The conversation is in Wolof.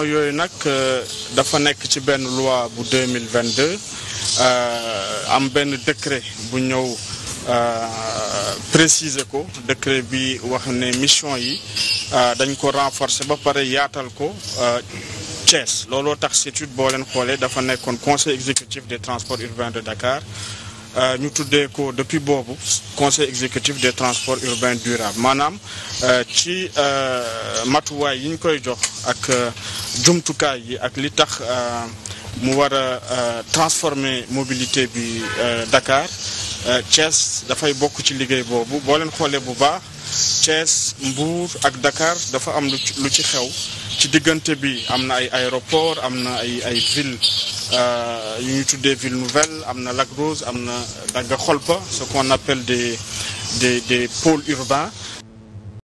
disposition yooyu nag euh, dafa nekk ci benn loi bu 2022 euh, am benn décret bu ñëw euh, préciser ko décret bi wax ne mission yi dañ ko renforcé ba pare yaatal ko Thiès looloo tax CETUD boo leen xoolee dafa nekkoon conseil exécutif des transports urbains de Dakar ñu tuddee ko depuis boobu conseil exécutif des transport urbains durables maanaam ci matuwaay yi ñu koy jox ak jumtukaay yi ak li tax euh, mu war a euh, transformer mobilité bi euh, Dakar Thiès dafay bokk ci liggéey boobu boo leen xoolee bu baax Thiès Mbour ak Dakar dafa am lu ci xew ci diggante bi am na ay aéroport am na ay ay ville yu ñu tuddee ville nouvelle am na Lac Rose am na Daga Xolpa ce qu'on appelle des des des